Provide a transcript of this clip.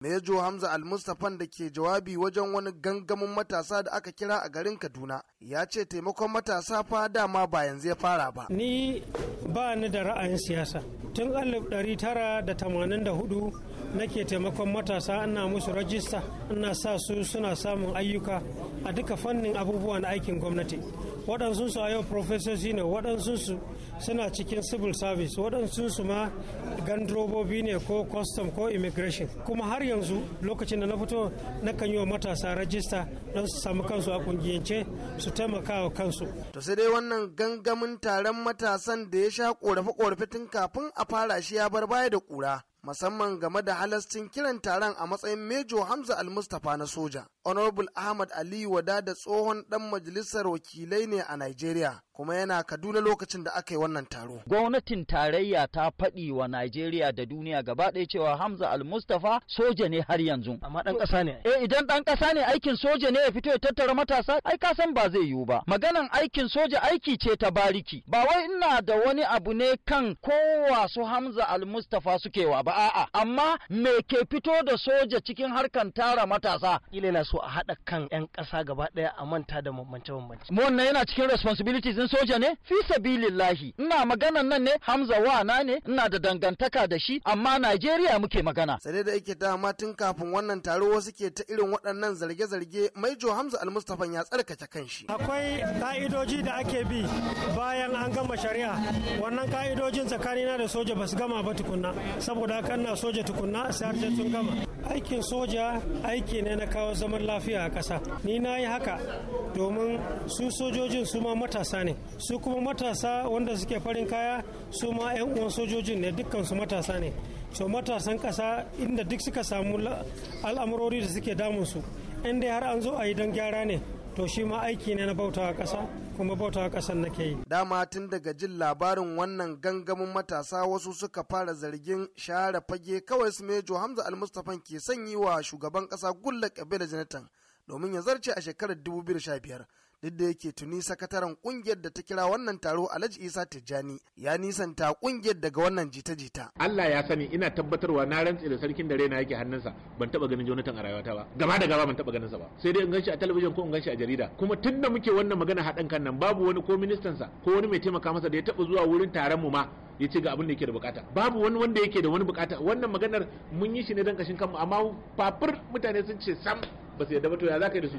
Mejo Hamza al Almustafan da ke jawabi wajen wani gangamin matasa da aka kira a garin Kaduna ya ce taimakon matasa fa dama ba yanzu ya fara ba. Ni ba ni da ra'ayin siyasa. Tun 1984 nake taimakon matasa ana musu rajista ana sa su suna samun ayyuka a duka fannin abubuwan aikin gwamnati waɗansu su a yau profesoci ne waɗansu su suna cikin civil service waɗansu su ma gandrobobi ne ko custom ko immigration kuma har yanzu lokacin da na fito na kan yi wa matasa rajista don su samu kansu a kungiyance su taimaka wa kansu to sai dai wannan gangamin taron matasan da ya sha ƙorafe ƙorafe tun kafin a fara shi ya bar baya da ƙura. musamman game da halascin kiran taron a matsayin Mejo Hamza Al-Mustapha na soja. Honorable Ahmad Ali Wada da tsohon dan majalisar wakilai ne a Najeriya kuma yana Kaduna lokacin da aka yi wannan taro. Gwamnatin tarayya ta faɗi wa Najeriya da duniya gaba ɗaya cewa Hamza Al-Mustafa soja ne har yanzu. Amma ɗan ƙasa ne. Eh idan ɗan ƙasa ne aikin soja ne ya fito ya tattara matasa ai ka san ba zai yiwu ba. Maganan aikin soja aiki ce ta bariki. Ba wai ina da wani abu ne kan kowa su Hamza Al-Mustafa suke wa ba a'a amma me ke fito da soja cikin harkan tara matasa. Ile na su a haɗa kan 'yan ƙasa gaba ɗaya a manta da bambance-bambance. Mu wannan yana cikin responsibilities ɗin soja ne? Fi sabilillahi. Ina maganan nan ne Hamza Wana ne ina da dangantaka da shi amma Najeriya muke magana. Sai da yake dama tun kafin wannan taro wasu ke ta irin waɗannan zarge-zarge Maijo Hamza Almustafa ya kan kanshi. Akwai ka'idoji da ake bi bayan an gama shari'a. Wannan ka'idojin tsakanina da soja ba su gama ba tukunna. Saboda haka ina soja tukunna sai har sun gama. Aikin soja aiki ne na kawo zaman zaman lafiya a ƙasa ni na yi haka domin su sojojin su ma matasa ne su kuma matasa wanda suke farin kaya su ma 'yan uwan sojojin ne dukkan su matasa ne so matasan kasa inda duk suka samu al'amurori da suke damunsu in dai har an zo a yi don gyara ne to shi ma aiki ne na bautawa ƙasa kuma bautawa ƙasar nake yi dama tun daga jin labarin wannan gangamin matasa wasu suka fara zargin share fage kawai su mejo hamza almustafan ke sanyi wa shugaban ƙasa gulla kabila jonathan domin ya zarce a shekarar 2015 duk da yake tuni sakataren kungiyar da ta kira wannan taro alhaji isa tijjani ya nisanta kungiyar daga wannan jita-jita allah ya sani ina tabbatarwa na rantse da sarkin da raina yake hannunsa ban taba ganin jonathan a rayuwata ba gaba da gaba ban taba ganin ba sai dai in ganshi a talabijin ko in ganshi a jarida kuma tun da muke wannan magana haɗin kan nan babu wani ko ministansa ko wani mai taimaka masa da ya taba zuwa wurin taron mu ma ya ce ga abin da yake da bukata babu wani wanda yake da wani bukata wannan maganar mun yi shi ne don kashin kanmu amma fafur mutane sun ce sam ba su yadda ba to ya za yi da su